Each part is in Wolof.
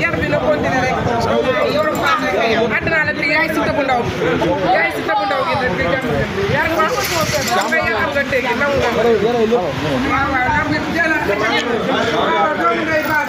yar bi na continuer rek yow paas rek nga yow àddina la te yaay si tëbu ndaw yaay si tëbu ndaw gi nag di jàng yar nga xam nga yar am nga tegi nangu nga waaw waaw ndax nit jëla waaw doomu ngay baax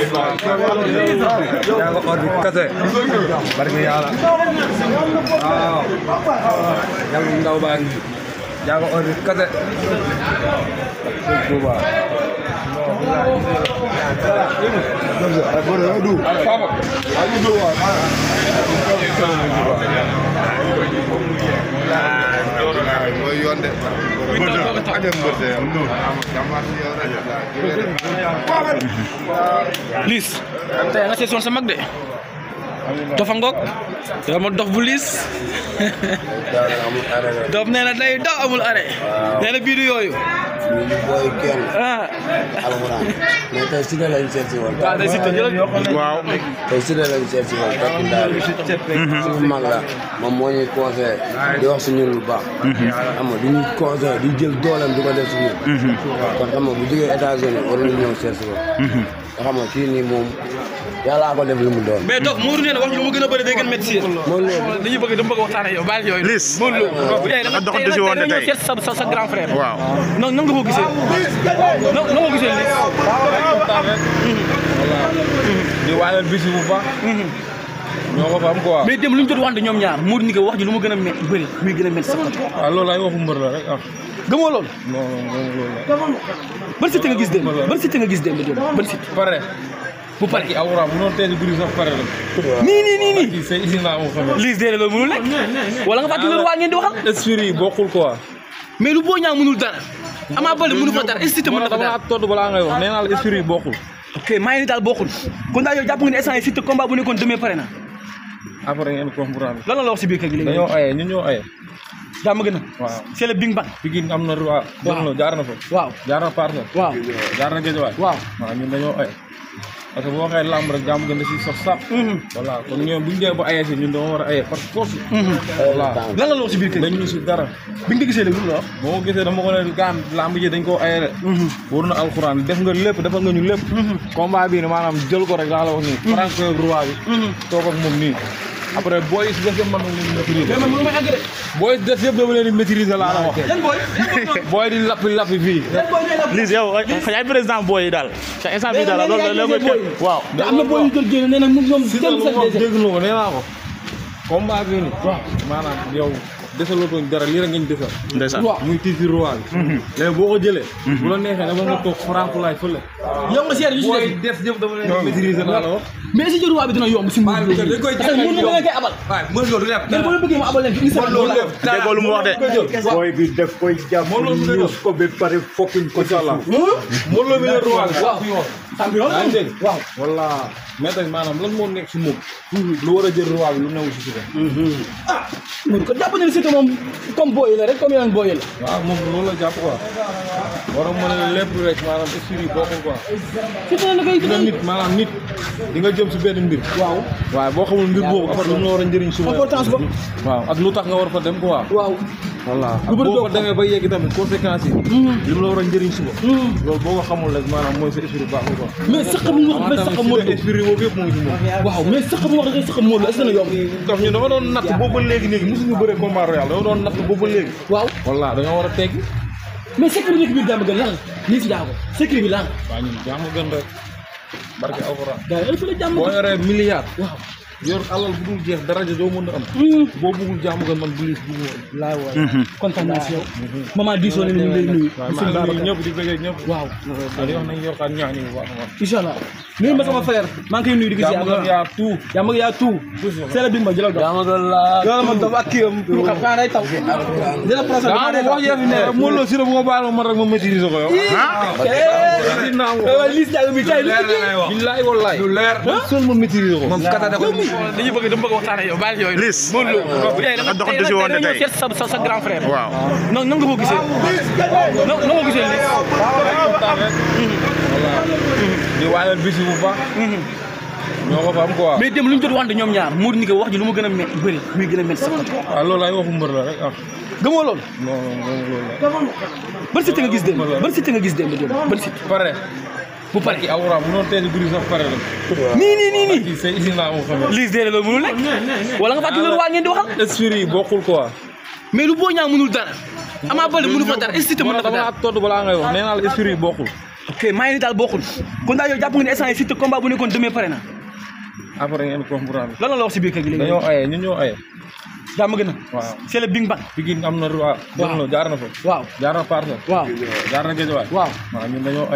yaa ngi ko ordi kase barke yàlla waaw yàlla mu ndaw baa ngi yaa ngi ko ordi kase Touba Touba mooy yoon de. mbër de sa mag de. dofa ngoog dof bu liis dof nee na day amul arrêt nee biiru yooyu. ñu ngi booy kenn. Ah. alxuraan mais tey Siteu si woon. Ah, waaw tey Siteu si woon Pape Ndaye. suñu mag la moom moo ñuy conseillé di wax suñu lu baax. xam nga du ñu conseillé di jël dooleem di ko def suñu. Mhm. kon xam nga bu jógee États-Unis war nañu ñëw seet si mhm. xam nga kii nii moom. yàlla ko def mais donc Modou nee na wax lu mu gën a bëri day gën a métti si yéen. Modou Lo dañuy bëgg dama bëgg waxtaan ak yow baal yooyu. Liss Modou Lo ah. tey dama ñëw seet sa grand frère. waaw non nan nga ko gisee. non nan nga ko gisee Liss. bu baax. ñoo ko fa am quoi. mais dem lu ñu jot waxante ñoom ñaar Modou ni ko wax ji lu mu gën a métti bëri muy gën ah, ah. nga gis démb ban site gis démb bu pare ci awra mënoon teel guddi sax pare la. nii nii nii nii. say isin laa moo xamee. liis déedéet loolu mënul nekk. wala nga fàttali loolu waa ngeen di waxal. esprit yi bokkul quoi. mais lu boo ñaaw mënul dara. Ama Baldé mënu fa dara la esprit yi bokkul. ok maa ngi ni daal bokkul kon daal yow jàpp nga ne instant yii Siteu combat bu nekkoon demee pare na. après ngeen comprendre. lan la wax si biir kër gi léegi. dañoo aye ñun ñoo aye. daa gën a. waaw bing bang. Pikine am na waaw. waaw jaar na fa. waaw jaar parce que boo waxee làmb rek gën da siy sax sax. Mhm. voilà kon ñoom bu ñu dee ba ayee si ñun dañoo war a ayee par force. Mhm. voilà lan la loo si biir kër dañ ñu si dara. bi nga gisee léegi lu la boo ko gisee dama ko ne gaan làmb dañ koo ayee rek. Mhm. war na alxuraan def nga lépp defal nga ñu lépp. combat bii ne maanaam jël ko rek laa la wax nii. France roi bi. toog ak moom nii. après booy yi si des yëpp mën nañ leen maîtriser. mais man mënu ma àgg de. booy yi si des yëpp dama leen di maîtriser laa la ah, wax. yan booy booy di lappi lappi fii. yan booy di lappi Liss yow yaay président booy yi daal. ca instant bii daal loolu la koy teg waaw. te am na booy yu jël génn nee na mu ñoom jël sa dese. dégg nga ko nee naa ko. combat bi nii. waaw maanaam yow. desalootoon dara lii rek ngeen desal. ndeysaan muy tiiti roi bi. léegi boo ko jëlee. bu la neexee dama nga toog franc laaj fële. yow nga seet li ci des booy des yëpp dama leen di maîtriser laa la wax. mais si jëru waa bi dina yomb si muur loolu parce que muur loolu da koy abal. muur loolu lépp mais boo bëggee mu abal leen ci muur loolu lépp déggoo lu mu wax de. booy bi def koy jàpp ñuus ko ba pare fokkuñ ko ci suuf. muur loolu bi la ruwaal waaw champion waaw voilà mais tamit maanaam lan moo nekk si moom lu war a jël ruwaal bi lu newu si suufam ah muur ko jàpp ne surtout moom comme booy la rek comme yeneen booy la waaw moom loolu la jàpp quoi waroon mën a lépp rek maanaam esprit yi bokkul quoi surtout nit maanaam nit di nga jëm si benn mbir. waaw waaw boo xamul mbir boobu. par lu la war a njëriñ suba importance ba. waaw ak lu tax nga war fa dem quoi. waaw. voilà boo ko demee ba yegg tamit conséquences yi. Mm-hmm. li mu la war a njëriñ suba. Mm-hmm. loolu boo ko xamul rek maanaam mooy sa esprit baaxul quoi. mais saxam mu wax mais saxam moo la esprit boobu yëpp moo ngi ci moom. waaw mais saxam wax nga saxam moo la est-ce que na yomb. daf ñu dama doon natt boobu léegi léegi mosuñu bëree combat royal dama doon natt boobu léegi. waaw voilà dañoo war a teggi. mais secret bi nekk biir jàmm gën lan lii si daa ko secret bi lan. waaw ñun jàmm gën rek. barke alxuraan. gaa yi dafa la jàmm boo yoree milliard. waaw yor alal bu dul jeex daraja doo mën a am. Hmm. boo bëggul jaamu ko man bu laa waay. Hmm. kontaan naa si yow. maman diisoo na ni ñu lay nuyu. ñëpp di bëggee ñëpp. waaw. wax nañu yor xaar ñaax ñu bu baax a baax. incha allah nuyu ma sama frère. maa ngi koy nuyu di ko si yàlla. yaa tout yaa mag yaa tout. seela bi ma jëlal doon. yaa ma doon ak kii am. mu xam xanaa day taw. jëlal procès bi maa day taw. waaw moo loo si ne bu ma baal ma man rek ma maîtriser ko yow. ah. li si jàng bi tey lu leer dañu bëgg dama bëgg waxtaan ak yow bàyyi yooyu Liss da dox du si woon tey seet sa sa grand frère waaw non nan nga ko gisee nan nga ko gisee Liss di waajal bis bu baax ñoo ko fa am quoi. mais dem lu ñu jot wante ñoom ñaar muur ni ko wax ji lu mu gën a métti bëri muy gën a métti sa côté. waaw loolu laay waxu mbër la rek ah. gëmoo loolu. non non gëmoo loolu la. ban site nga gis démb ban site nga gis démb démb ban site. pare. bu pare awra mënoon teel guddi sax pare la. nii nii nii nii. c'est usine laa moo xam ne. lise déedéet loolu mënul nekk. waa ngeen di waxal. esprit yi bokkul quoi. mais lu boo ñaa mënul dara. amaa bëri mënu fa dara institut mën dara. todd balaa ngay wax nee naa la esprit yi bokkul. ok maa ngi daal bokkul kon daal yow jàpp nga ne instant yii surtout combat bu nekkoon demee pare na. après ngeen comprendre. lan la wax si biir kër gi léegi. dañoo aye ñun ñoo aye. daa ma gën a. waaw c'est le big bang.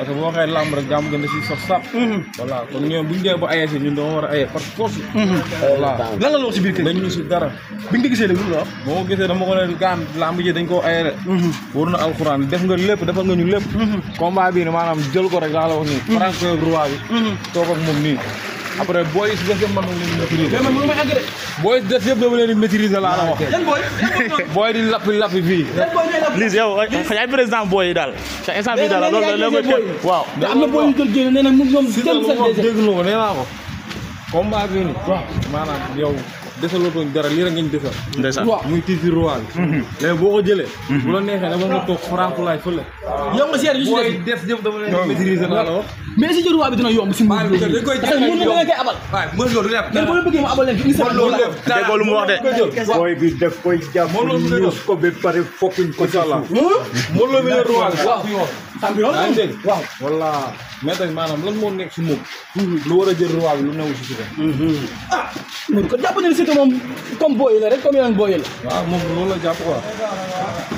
parce que boo waxee làmb rek jàmm gën da si sax sàpp mhm. voilà kon ñoom bu ñu dee ba ayee si ñun dama war a ayee par force wax mhm. si biir kër dañu si dara bi nga gisee la lu la boo ko gisee dama ko ne gaan làmb ji dañ koo ayee de war na alxuraan def nga lépp defal nga ñu lépp mhm. combat bii ne maanaam jël ko rek laa la wax nii franc roi bi toog ak moom nii après booy si des yëpp mën na leen maîtriser. mais man mënu ma egg de. booy si des yëpp dama leen maîtriser laa la wax. yan booy booy di lappi lappi fii. Liss yow yaay président booy yi daal. sa instant bii daal loolu la koy teel waaw. te am na booy yu jël génn nee na ñoom seen seen dégg na ko nee naa ko. combat bi nii. waaw maanaam yow. desalootoon dara lii rek ngeen desal. ndeysaan muy titre roi bi. mais boo ko jëlee. bu la neexee dama nga toog franc laay fële. yow nga seet yu si des booy des yëpp dama leen maîtriser laa la wax. mais si jëruwaa bi dina yomb si mbir mi dañ koy abal waay mën loolu lépp ngeen boo bëggee ma abal leen fi déggoo lu mu wax de booy bi def koy jàpp ñuus ko ba pare fokkuñ ko sala mën loolu la roi champion champion waaw voilà mais tamit maanaam lan moo nekk si moom lu war a jël roi bi lu newu si Siteu ah mën ko jàpp ne Siteu moom comme booy la rek comme yeneen booy la waaw moom loolu la jàpp quoi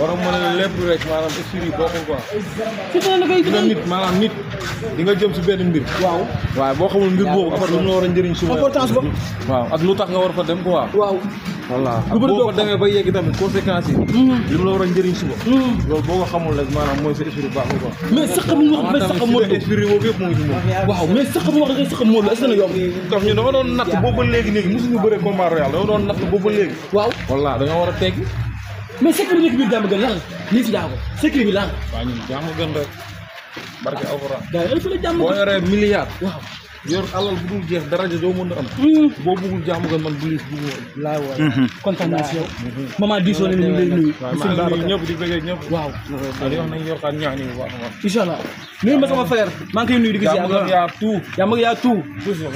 waroon mën a lépp rek maanaam esprit yi bokkul quoi. surtout nit maanaam nit di nga jëm si benn mbir. waaw waaw boo xamul mbir boobu après lu mu la war a njëriñ suba. lu tax nga war fa dem ko waaw voilà ak boo fa demee ba yegg tamit conséquences yi. Mm-hmm. li mu la war mm-hmm. ko xamul rek maanaam mooy sa esprit baaxul moo esprit boobu yëpp moo ci moom. waaw mais sax mu wax rek sax moo la est-ce na yomb. ndax ñun dama doon natt boobu ba léegi léegi mosuñu bëree combat royal dama doon natt boobu ba léegi. waaw voilà da war a teggi mais secret bi nekk biir jàmm gën lan lii si jaago secret bi lan. waa ñun jàmm gën rek. barke alxuraan. daa yëpp la jàmm gën boo yoree milliard. waaw. yor alal bu dul jeex daraja doo mën a am. boo bëggul jaamu ko man bu liis bu mu. laay waay kontaan naa si yow. maman diisoo ne ñu lay nuyu. waaw maa ngi ñëpp di bëggee ñëpp. waaw. waaw yow nañu yorkaat ñaax ñu bu baax a baax. incha allah nuyu ma sama frère. maa ngi koy nuyu di gis yàlla yaa tout. yaa ma yaa tout.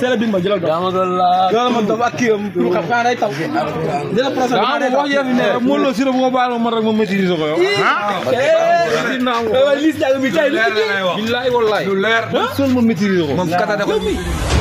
seela bi ma jëlal doon. yaa ma doon laa. loolu ma doon ak kii am. pour xam xanaa day taw. dina procès bi ma day taw. waaw moom la si ne bu ma baal ma man rek ma maîtriser ko yow. ah. li Hey!